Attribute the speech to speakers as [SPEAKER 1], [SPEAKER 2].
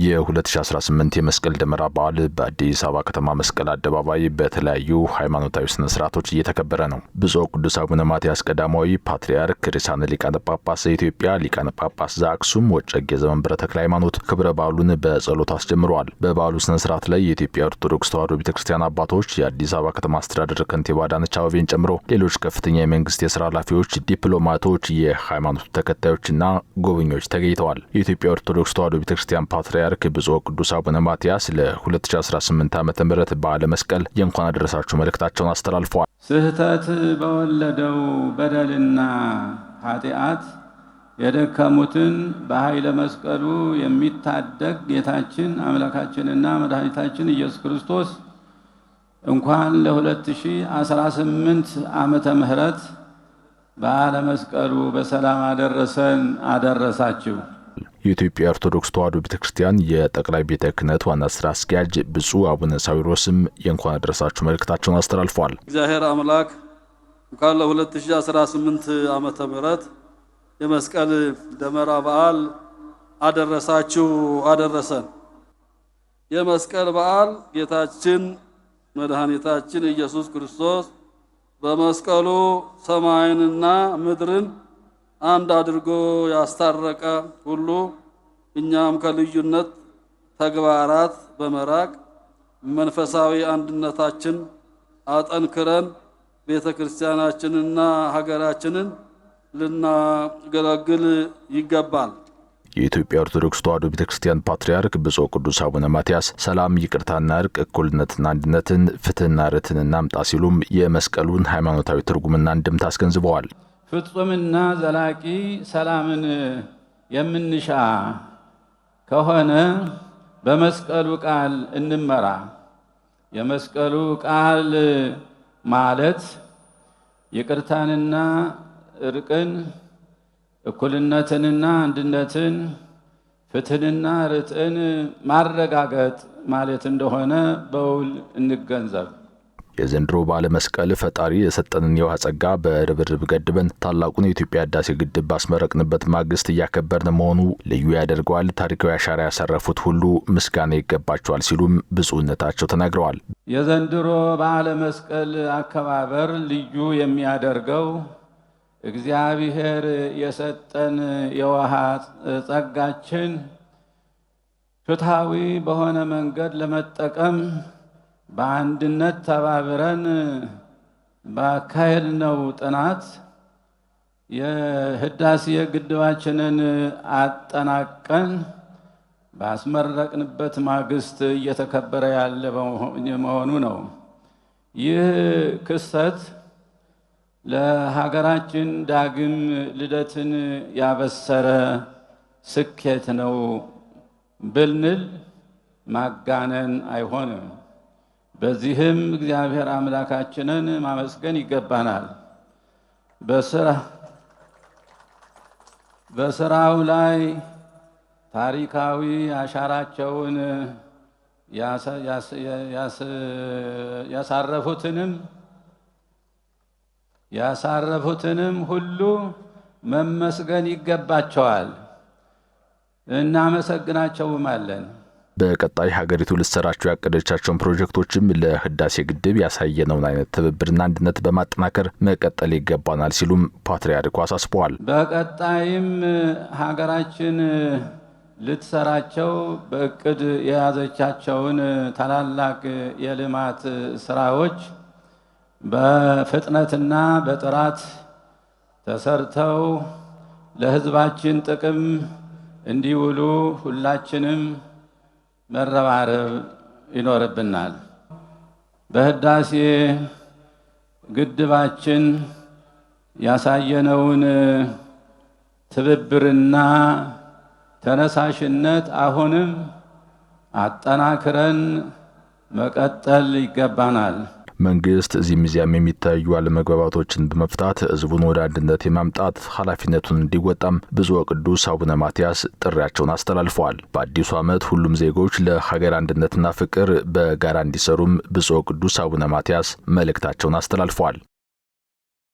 [SPEAKER 1] የ2018 የመስቀል ደመራ በዓል በአዲስ አበባ ከተማ መስቀል አደባባይ በተለያዩ ሃይማኖታዊ ስነ ስርዓቶች እየተከበረ ነው። ብፁዕ ቅዱስ አቡነ ማትያስ ቀዳማዊ ፓትርያርክ ርዕሳነ ሊቃነ ጳጳስ ዘኢትዮጵያ ሊቃነ ጳጳስ ዘአክሱም ወጨጌ ዘመንበረ ተክለ ሃይማኖት ክብረ በዓሉን በጸሎት አስጀምረዋል። በበዓሉ ስነ ስርዓት ላይ የኢትዮጵያ ኦርቶዶክስ ተዋሕዶ ቤተ ክርስቲያን አባቶች፣ የአዲስ አበባ ከተማ አስተዳደር ከንቲባ አዳነች አበቤን ጨምሮ ሌሎች ከፍተኛ የመንግስት የስራ ኃላፊዎች፣ ዲፕሎማቶች፣ የሃይማኖቱ ተከታዮችና ጎብኚዎች ተገኝተዋል። የኢትዮጵያ ኦርቶዶክስ ተዋሕዶ ቤተ ክርስቲያን ፓትርያ ፓትርያርክ ብፁዕ ቅዱስ አቡነ ማትያስ ለ2018 ዓ ም በዓለ መስቀል የእንኳን አደረሳችሁ መልእክታቸውን አስተላልፈዋል።
[SPEAKER 2] ስህተት በወለደው በደልና ኃጢአት የደከሙትን በኃይለ መስቀሉ የሚታደግ ጌታችን አምላካችንና መድኃኒታችን ኢየሱስ ክርስቶስ እንኳን ለ2018 ዓመተ ምህረት በዓለ መስቀሉ በሰላም አደረሰን አደረሳችሁ።
[SPEAKER 1] የኢትዮጵያ ኦርቶዶክስ ተዋሕዶ ቤተ ክርስቲያን የጠቅላይ ቤተ ክህነት ዋና ስራ አስኪያጅ ብፁዕ አቡነ ሳዊሮስም የእንኳን አደረሳችሁ መልእክታቸውን አስተላልፏል።
[SPEAKER 2] እግዚአብሔር አምላክ እንኳን ለ2018 ዓመተ ምህረት የመስቀል ደመራ በዓል አደረሳችሁ አደረሰን። የመስቀል በዓል ጌታችን መድኃኒታችን ኢየሱስ ክርስቶስ በመስቀሉ ሰማይንና ምድርን አንድ አድርጎ ያስታረቀ ሁሉ እኛም ከልዩነት ተግባራት በመራቅ መንፈሳዊ አንድነታችን አጠንክረን ቤተ ክርስቲያናችንና ሀገራችንን ልናገለግል ይገባል።
[SPEAKER 1] የኢትዮጵያ ኦርቶዶክስ ተዋሕዶ ቤተ ክርስቲያን ፓትርያርክ ብፁዕ ቅዱስ አቡነ ማትያስ ሰላም፣ ይቅርታና እርቅ፣ እኩልነትና አንድነትን፣ ፍትህና ርትዕን እናምጣ ሲሉም የመስቀሉን ሃይማኖታዊ ትርጉምና እንድምታ አስገንዝበዋል።
[SPEAKER 2] ፍጹምና ዘላቂ ሰላምን የምንሻ ከሆነ በመስቀሉ ቃል እንመራ። የመስቀሉ ቃል ማለት ይቅርታንና እርቅን፣ እኩልነትንና አንድነትን፣ ፍትህንና ርትዕን ማረጋገጥ ማለት እንደሆነ በውል እንገንዘብ።
[SPEAKER 1] የዘንድሮ ባለመስቀል መስቀል ፈጣሪ የሰጠንን የውሃ ጸጋ በርብርብ ገድበን ታላቁን የኢትዮጵያ ህዳሴ ግድብ ባስመረቅንበት ማግስት እያከበርን መሆኑ ልዩ ያደርገዋል። ታሪካዊ አሻራ ያሰረፉት ሁሉ ምስጋና ይገባቸዋል ሲሉም ብፁዕነታቸው ተናግረዋል።
[SPEAKER 2] የዘንድሮ በዓለ መስቀል አከባበር ልዩ የሚያደርገው እግዚአብሔር የሰጠን የውሃ ጸጋችን ፍትሐዊ በሆነ መንገድ ለመጠቀም በአንድነት ተባብረን ባካሄድነው ጥናት የህዳሴ ግድባችንን አጠናቀን ባስመረቅንበት ማግስት እየተከበረ ያለ መሆኑ ነው። ይህ ክስተት ለሀገራችን ዳግም ልደትን ያበሰረ ስኬት ነው ብልንል ማጋነን አይሆንም። በዚህም እግዚአብሔር አምላካችንን ማመስገን ይገባናል። በስራው ላይ ታሪካዊ አሻራቸውን ያሳረፉትንም ያሳረፉትንም ሁሉ መመስገን ይገባቸዋል። እናመሰግናቸውም አለን።
[SPEAKER 1] በቀጣይ ሀገሪቱ ልትሰራቸው ያቀደቻቸውን ፕሮጀክቶችም ለህዳሴ ግድብ ያሳየነውን አይነት ትብብርና አንድነት በማጠናከር መቀጠል ይገባናል ሲሉም ፓትርያርኩ አሳስበዋል።
[SPEAKER 2] በቀጣይም ሀገራችን ልትሰራቸው በእቅድ የያዘቻቸውን ታላላቅ የልማት ስራዎች በፍጥነትና በጥራት ተሰርተው ለህዝባችን ጥቅም እንዲውሉ ሁላችንም መረባረብ ይኖርብናል። በህዳሴ ግድባችን ያሳየነውን ትብብርና ተነሳሽነት አሁንም አጠናክረን መቀጠል ይገባናል።
[SPEAKER 1] መንግስት እዚህም እዚያም የሚታዩ አለመግባባቶችን በመፍታት ህዝቡን ወደ አንድነት የማምጣት ኃላፊነቱን እንዲወጣም ብፁዕ ቅዱስ አቡነ ማትያስ ጥሪያቸውን አስተላልፈዋል። በአዲሱ ዓመት ሁሉም ዜጎች ለሀገር አንድነትና ፍቅር በጋራ እንዲሰሩም ብፁዕ ቅዱስ አቡነ ማትያስ መልእክታቸውን አስተላልፈዋል።